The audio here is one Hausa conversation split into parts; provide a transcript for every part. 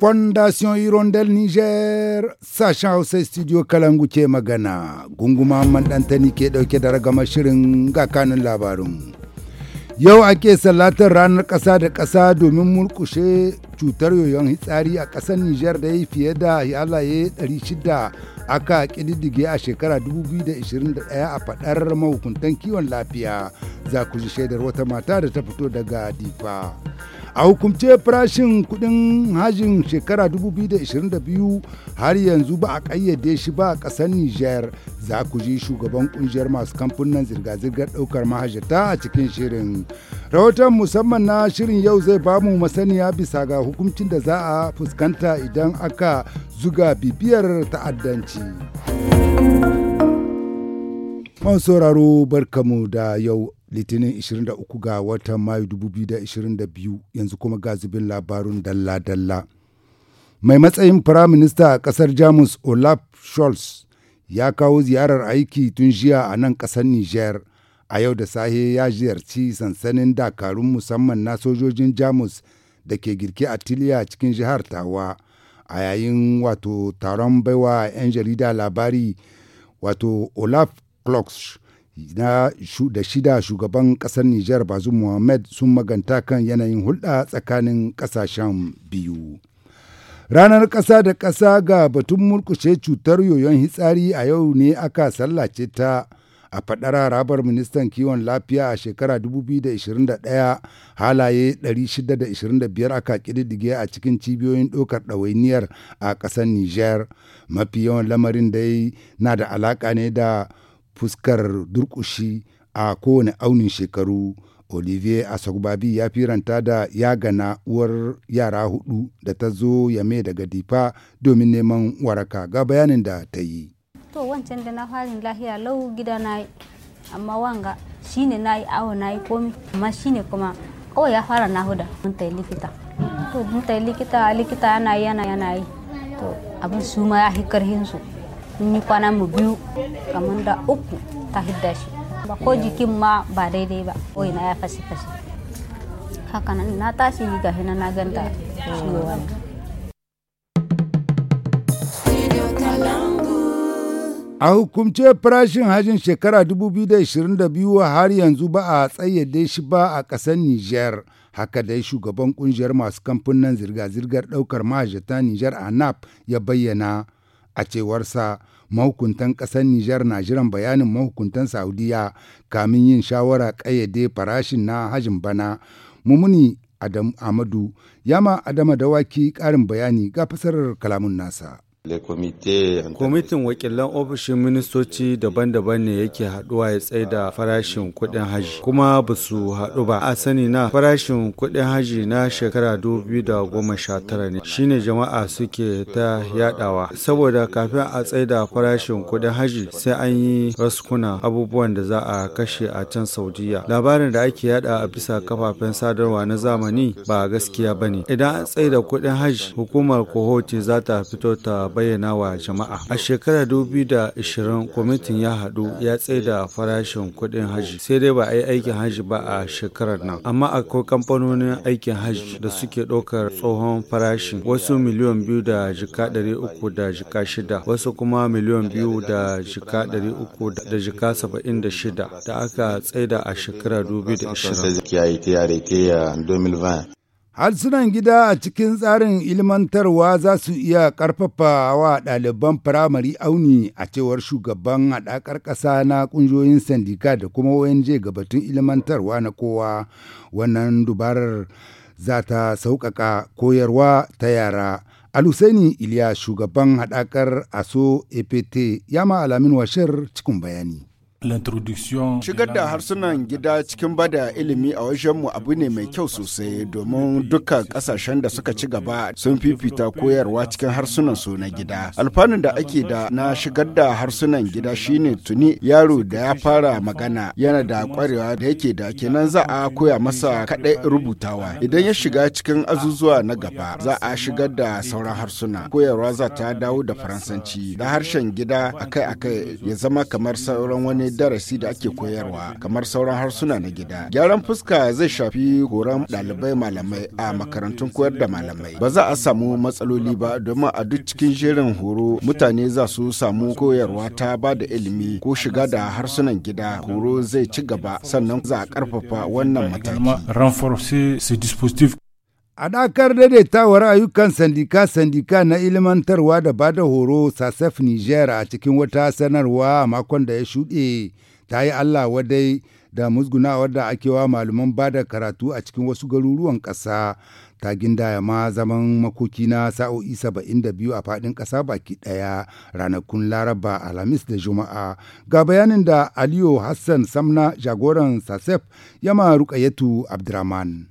Fondation Hirondel Niger sacha Hausa Studio Kalangu ke magana gunguma ɗantani ke ɗauke da ragamar shirin ga kanun labarin. Yau ake sallatar ranar ƙasa da ƙasa domin mulkushe cutar yoyon hitsari a ƙasar Niger da ya fiye da halaye 600 aka ƙididdige a shekara 2021 a faɗar mahukuntan kiwon lafiya za ku ji shaidar wata mata da ta fito daga Difa. a hukumce farashin kudin hajin shekara 2022 har yanzu ba a kayyade shi ba a ƙasar niger za ku ji shugaban kungiyar masu kamfunan zirga-zirgar daukar mahajata a cikin shirin rahoton musamman na shirin yau zai bamu masaniya bisa ga hukuncin da za a fuskanta idan aka zuga bibiyar ta'addanci Man sauraro barkamu da yau litinin 23 ga watan mayu 2022 yanzu kuma ga zubin labarun dalla-dalla mai matsayin firaminista a kasar jamus olaf scholz ya kawo ziyarar aiki tun jiya a nan kasar niger a yau da sahe ya ziyarci sansanin dakarun musamman na sojojin jamus da ke girke a tiliya cikin jihar tawa a yayin wato taron baiwa 'yan jarida labari wato olaf klocks na da shida shugaban kasar Nijar Bazoum Mohamed sun maganta kan yanayin hulɗa tsakanin ƙasashen biyu. Ranar ƙasa da ƙasa ga batun murkushe cutar yoyon hitsari a yau ne aka sallace ta a faɗar rabar ministan kiwon lafiya a shekara 2021 halaye 625 aka ƙididdige a cikin cibiyoyin ɗaukar ɗawainiyar a ƙasar Nijar. Mafi yawan lamarin dai na da alaƙa ne da fuskar durkushi a kowane aunin shekaru olivier asogbabi ya firanta da ya gana uwar yara hudu da ta zo yame daga difa domin neman waraka ga bayanin da ta yi to wancan da na farin lahiya lau gida na yi amma wanga shi ne na yi awo na yi komi amma shi ne kuma kawai ya fara nahuda mun ta yi likita to mun ta yi likita likita yana yana yana yi to abin su ma ya hikar hinsu yi kwana mu biyu kamar da uku ta hidda shi ko jikin ma ba daidai ba wai na ya fashi fashi haka na tashi ga hina na ganta ciwo ne A hukumce farashin hajjin shekara 2022 har yanzu ba a tsayyade shi ba a ƙasar Nijar. Haka dai shugaban kungiyar masu kamfanin zirga-zirgar ɗaukar mahajjata Nijar a NAP ya bayyana. a cewarsa mahukuntan ƙasar Nijar na jiran bayanin mahukuntan Saudiya kamin yin shawara ƙayyade farashin na hajin bana. Mumuni Adam Amadu, yama Adama Dawaki ƙarin bayani ga fasarar kalamun nasa. Kwamitin wakilan ofishin ministoci daban-daban ne yake haɗuwa ya tsaye da farashin kuɗin haji, kuma ba su haɗu ba. A sani na farashin kuɗin haji na shekara 2019 ne, shine jama'a suke ta yaɗawa. Saboda kafin a tsaye da farashin kuɗin haji sai an yi raskuna abubuwan da za a kashe a can Saudiya. Labarin da ake yada a bisa kafafen sadarwa na zamani ba gaskiya ba ne. Idan an tsaida kuɗin haji, hukumar kohoti za ta fito ta bayyana wa jama'a. A shekarar 2020 kwamitin ya haɗu ya tsaida farashin kuɗin haji sai dai ba a yi aikin haji ba a shekarar nan. Amma akwai kamfanonin aikin haji da suke ɗaukar tsohon farashin wasu miliyan biyu da jika ɗari uku da jika shida wasu kuma miliyan biyu da jika ɗari uku da jika saba'in da shida da aka tsaida a shekarar 2020. Harsunan gida a cikin tsarin ilmantarwa za su iya ƙarfafa wa ɗaliban firamare auni a cewar shugaban haɗakar ƙasa na ƙungiyoyin sandika da kuma ONG gabatun ilmantarwa na kowa wannan dubarar za ta sauƙaƙa koyarwa ta yara. Alusaini Iliya shugaban haɗakar ASO APT ya ma alamin washar cikin bayani. Shigar da harsunan gida cikin bada ilimi a wajenmu abu ne mai kyau sosai domin duka kasashen da suka ci gaba sun fifita koyarwa cikin harsunan su na gida. Alfanun da ake da na shigar da harsunan gida shine tuni yaro da ya fara magana yana da kwarewa da yake da kenan za a koya masa kaɗai rubutawa. Idan ya shiga cikin azuzuwa na gaba za a shigar da sauran harsuna. Koyarwa za ta dawo da Faransanci da harshen gida akai-akai ya zama kamar sauran wani darasi da ake koyarwa kamar sauran harsuna na gida. Gyaran fuska zai shafi horon ɗalibai malamai a makarantun koyar da malamai. Ba za a samu matsaloli ba domin a duk cikin jerin horo mutane za su samu koyarwa ta ba da ilimi ko shiga da harsunan gida horo zai ci gaba sannan za a karfafa wannan mataki. A ta daidaitawar ayyukan sandika-sandika na ilimantarwa da ba da horo Sasef Niger a cikin wata sanarwa a makon da ya shuɗe ta yi Allah wadai da musgunawar da ake wa malaman ba da karatu a cikin wasu garuruwan ƙasa ta ya ma zaman makoki na sa'o'i saba'in da biyu a faɗin ƙasa baki ɗaya ranakun laraba alhamis da juma'a ga bayanin da aliyu hassan samna jagoran sasef ya yama rukayatu abdurrahman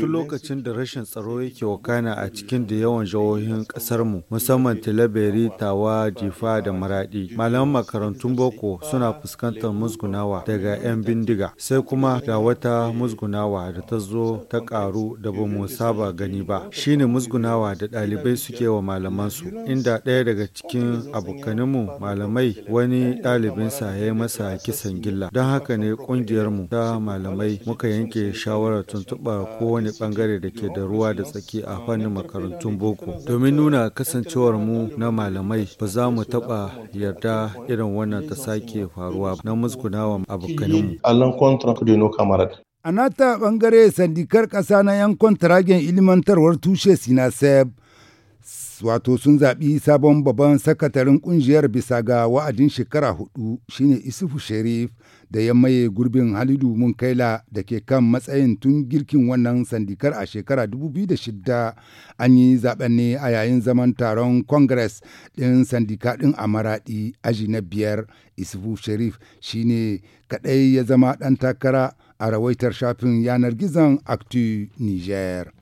Tun lokacin da rashin tsaro yake wakana a cikin da yawan jihohin ƙasarmu, musamman Tilaberi, Tawa, Jifa da Maraɗi, malaman makarantun boko suna fuskantar musgunawa daga 'yan bindiga, sai kuma ga wata musgunawa da ta zo ta ƙaru da ba mu saba gani ba. Shi ne musgunawa da ɗalibai suke wa malamansu, inda ɗaya daga cikin abokanmu malamai wani ɗalibinsa ya yi masa kisan gilla. Don haka ne ƙungiyarmu ta malamai muka yanke shawarar tuntuɓa shafa kowane bangare da ke da ruwa da tsaki a fannin makarantun boko domin nuna kasancewar mu na malamai ba za mu taba yarda irin wannan ta sake faruwa na musgunawa abokanmu a nata bangare sandikar ƙasa na 'yan kwantaragen ilimantarwar tushe sinaseb wato sun zaɓi sabon babban sakatarin ƙungiyar bisa ga wa'adin shekara hudu shine isufu sharif da ya maye gurbin Halidu Munkaila da ke kan matsayin tun girkin wannan sandikar a shekara 2006 an yi zaben ne a yayin zaman taron Congress ɗin sandika ɗin a Maraɗi aji na biyar Isufu Sharif shine kaɗai ya zama ɗan takara a rawaitar shafin yanar gizon Actu Niger.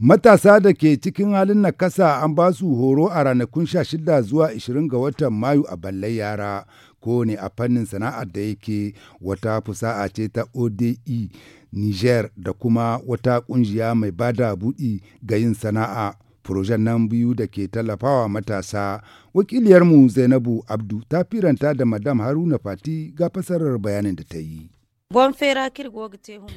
Matasa da ke cikin halin nakasa an ba su horo a ranakun 16 zuwa 20 ga watan Mayu a ballai yara ne a fannin sana'ar da yake wata fusa'a ce ta ode niger da kuma wata kungiya mai bada buɗi ga yin sana'a furojen nan biyu da ke tallafawa matasa wakiliyarmu zainabu abdu ta firanta da madam haruna fati ga fasarar bayanin da ta yi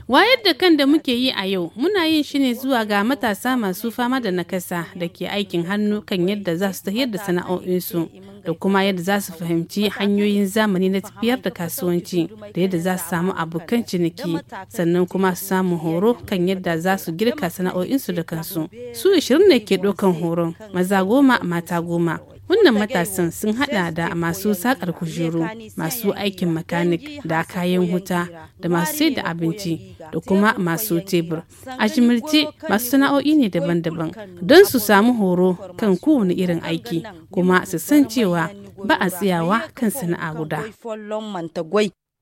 Wayar da kan da muke yi a yau muna yin shi ne zuwa ga matasa masu fama da nakasa da ke aikin hannu kan yadda za su tafiyar da sana'o'insu da kuma yadda za su fahimci hanyoyin zamani na tafiyar da kasuwanci da yadda za su samu abokan ciniki sannan kuma su samu horo kan yadda za su girka sana'o'insu da kansu. Su 20 ne ke ɗaukan horon maza goma mata goma Wannan matasan sun hada da masu sakar kujeru, masu aikin makanik da kayan huta da masu sai da abinci da kuma masu tebur. A jimirce masu sana'o'i ne daban-daban don su samu horo kan kowane irin aiki kuma su san cewa ba a tsayawa kan sana'a guda.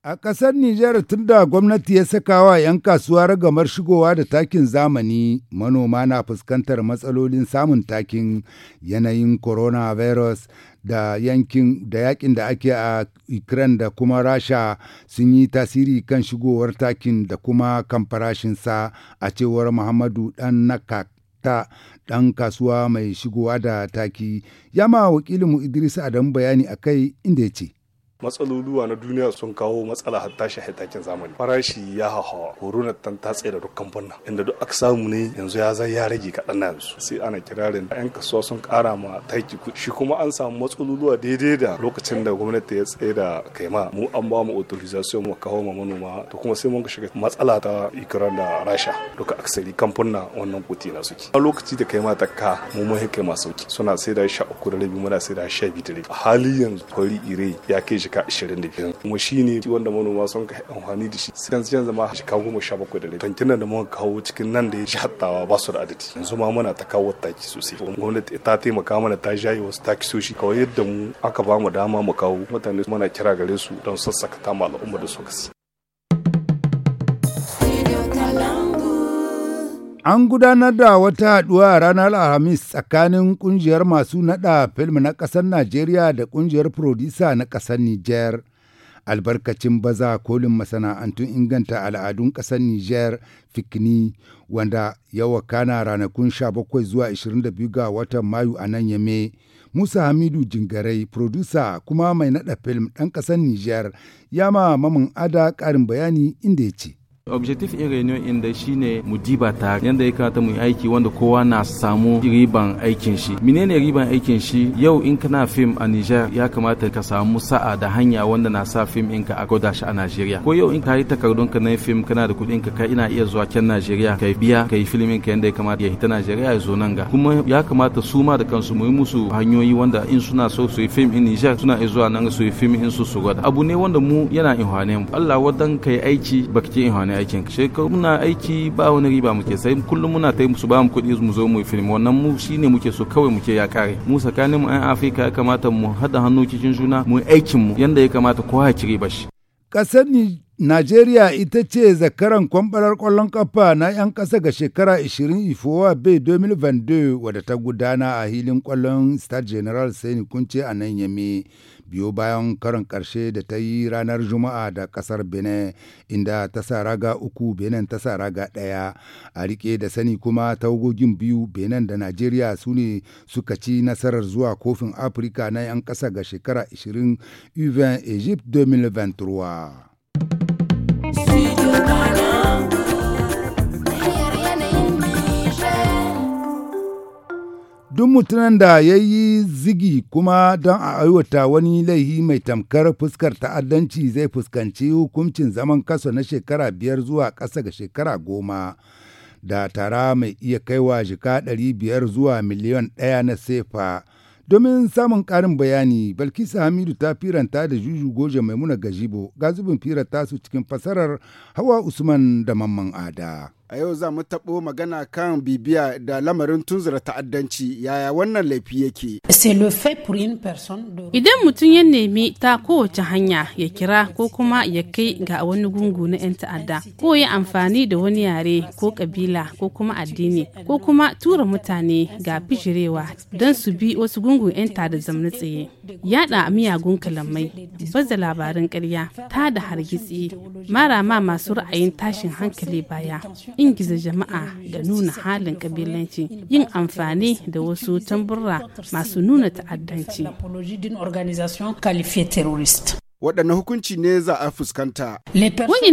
A ƙasar Nijar tun da gwamnati ya saka wa 'yan kasuwa ragamar shigowa da takin zamani, manoma na fuskantar matsalolin samun takin yanayin coronavirus da yankin da yakin da ake a Ukraine da kuma Rasha sun yi tasiri kan shigowar takin da kuma kan farashinsa a cewar Muhammadu Dan Nakak. ta ɗan kasuwa mai shigowa da taki ya yama wakilinmu Idris Adamu bayani a kai inda ya ce. matsaloluwa na duniya sun kawo matsala hatta shi haitakin zamani farashi ya hawa korona tan ta tsaye da dukkan fanna inda duk aka samu ne yanzu ya zai ya rage kaɗan na yanzu sai ana kirarin yan kasuwa sun kara ma taki kuɗi shi kuma an samu matsaloluwa daidai da lokacin da gwamnati ya tsaye da kaima mu an ba mu authorization mu kawo ma manoma to kuma sai mun ka shiga matsala ta ikirar da rasha duka aksari kamfuna wannan kuti na suke a lokaci da kaima ta ka mu mun kai sauki suna sai da sha uku da rabi muna sai da sha biyu hali yanzu fari ire ya kai jika 25 kuma shi ne wanda manoma sun ka amfani da shi sai zama shika goma sha bakwai da rai tankinan da muka kawo cikin nan da ya shi hattawa ba su da adadi yanzu ma muna ta kawo taki sosai gwamnati ta taimaka mana ta jaye wasu taki soshi kawai yadda mu aka ba mu dama mu kawo mutane muna kira gare su don sassaka ta al'umma da su kasi An gudanar da wata haɗuwa ranar Alhamis tsakanin ƙungiyar masu naɗa film na ƙasar Najeriya da ƙungiyar Furodisa na ƙasar niger Albarkacin baza kolin masana'antun inganta al'adun ƙasar niger fikini wanda ya wakana ranakun 17 zuwa 22 ga watan Mayu a nan Yame. Musa Hamidu Jingarai, furodusa kuma mai naɗa film ɗan ƙasar niger ya ma mamin ada ƙarin bayani inda ya ce. objective in reunion in da shine mu diba ta yanda ya kamata mu yi aiki wanda kowa na samu riban aikin shi menene riban aikin shi yau in kana fim a Niger ya kamata ka samu sa'a da hanya wanda na sa film ɗinka a gwada shi a Najeriya ko yau in ka yi takardun ka na film kana da kuɗin ka kai ina iya zuwa can Najeriya ka biya kai filimin ka yanda ya kamata ya hita Najeriya ya zo nan ga kuma ya kamata su ma da kansu mu yi musu hanyoyi wanda in suna so su yi film in Niger suna iya zuwa nan su yi film in su su gwada abu ne wanda mu yana hane mu Allah wadan kai aiki baki hane aikin shi muna aiki ba wani riba muke sai kullum muna ta musu ba mu kuɗi mu zo mu film wannan mu shine muke so kawai muke ya kare mu tsakanin mu 'yan afirka ya kamata mu haɗa hannu cikin juna mu aikin mu yanda ya kamata kowa ya kiri bashi ƙasar Najeriya ita ce zakaran kwambarar ƙwallon kafa na 'yan kasa ga shekara 20 Ifowa Bay 2022 wadda ta gudana a hilin kwallon Star General Sani Kunce a nan Yame. biyo bayan karin karshe da ta yi ranar juma'a da ƙasar benin inda ta sa raga uku benin ta sa raga ɗaya a riƙe da sani kuma tawagogin biyu benin da najeriya su ne suka ci nasarar zuwa kofin afirka na 'yan ƙasa ga shekara 20 uven egypt 2023 Duk mutumin da ya yi zigi kuma don a aiwata wani laihi mai tamkar fuskar ta'addanci zai fuskanci hukuncin zaman kaso na shekara biyar zuwa kasa ga shekara goma da tara mai iya kaiwa jika ɗari biyar zuwa miliyon ɗaya na sefa. Domin samun ƙarin bayani, Balkisa Hamidu ta firanta da Juju Goje Maimuna Gajibo, ga zubin firanta su cikin fasarar Hawa Usman da Mamman Ada. A yau za mu taɓo magana kan bibiya da lamarin tunzura ta'addanci yaya wannan laifi yake. Idan mutum ya nemi ta kowace hanya ya kira ko kuma ya kai ga wani gungu na 'yan ta'adda ko ya amfani da wani yare ko kabila ko kuma addini ko kuma tura mutane ga fishirewa don su bi wasu gungun 'yan da zamani tsaye. Yada miyagun kalamai, baza labarin karya ta da hargitsi, mara ma masu ra'ayin tashin hankali baya. ingiza jama'a da nuna halin kabilanci yin amfani da wasu tamburra masu nuna ta'addanci waɗanne hukunci ne za a fuskanta.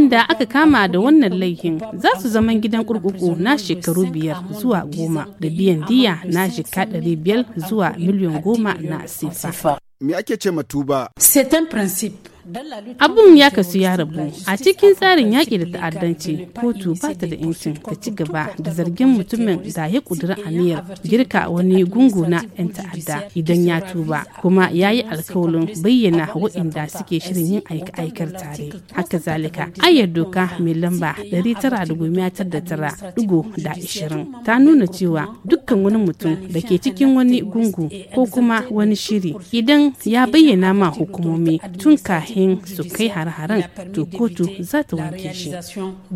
da aka kama da wannan laifin za su zaman gidan kurkuku na shekaru biyar zuwa goma da biyan diya na jika ɗari biyar zuwa miliyan goma na sifa. Me ake ce matuba? Setan principe. abun ya kasu ya rabu a cikin tsarin yaƙi da ta'addanci kotu ba ta da yancin ta ci gaba da zargin mutumin da ya ƙudura aniyar girka wani gungu na 'yan ta'adda idan ya tuba kuma ya yi alkawalin bayyana waɗanda suke shirin yin aika-aikar tare haka zalika ayar doka mai lamba 999.20 ta nuna cewa dukkan wani mutum da ke cikin wani gungu ko kuma wani shiri idan ya bayyana ma hukumomi tun ka.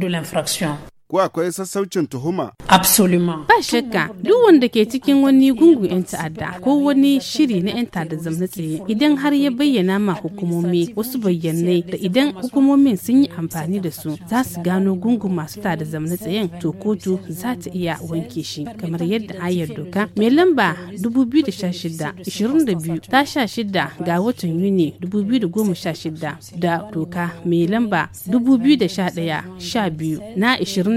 de su ko akwai sassaucin tuhuma? Absolument. Ba shakka duk wanda ke cikin wani gungu 'yan ta'adda ko wani shiri na 'yan ta'adda zamna tsaye idan har ya bayyana ma hukumomi wasu bayyanai da idan hukumomin sun yi amfani da su za su gano gungun masu ta'adda zamna tsaye to kotu za ta iya wanke shi kamar yadda ayar doka mai lamba 2016-22 ta 16 ga watan Yuni 2016 da doka mai lamba 2011-12 na 20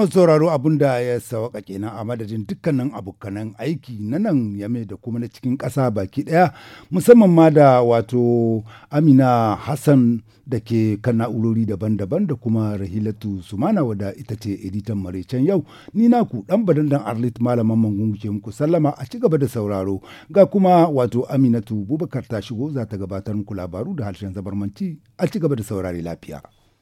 Kuma sauraro abun da ya sauka kenan a madadin dukkanin abokanan aiki na nan mai da kuma na cikin ƙasa baki ɗaya musamman ma da wato amina hassan da ke kan na'urori daban-daban da kuma rahilatu sumana wada ita ce editan maraicen yau ni naku ɗan badan dan arlit malaman mangun ke muku sallama a ci gaba da sauraro ga kuma wato aminatu bubakar ta shigo za ta gabatar muku labaru da harshen zabarmanci a ci gaba da saurari lafiya.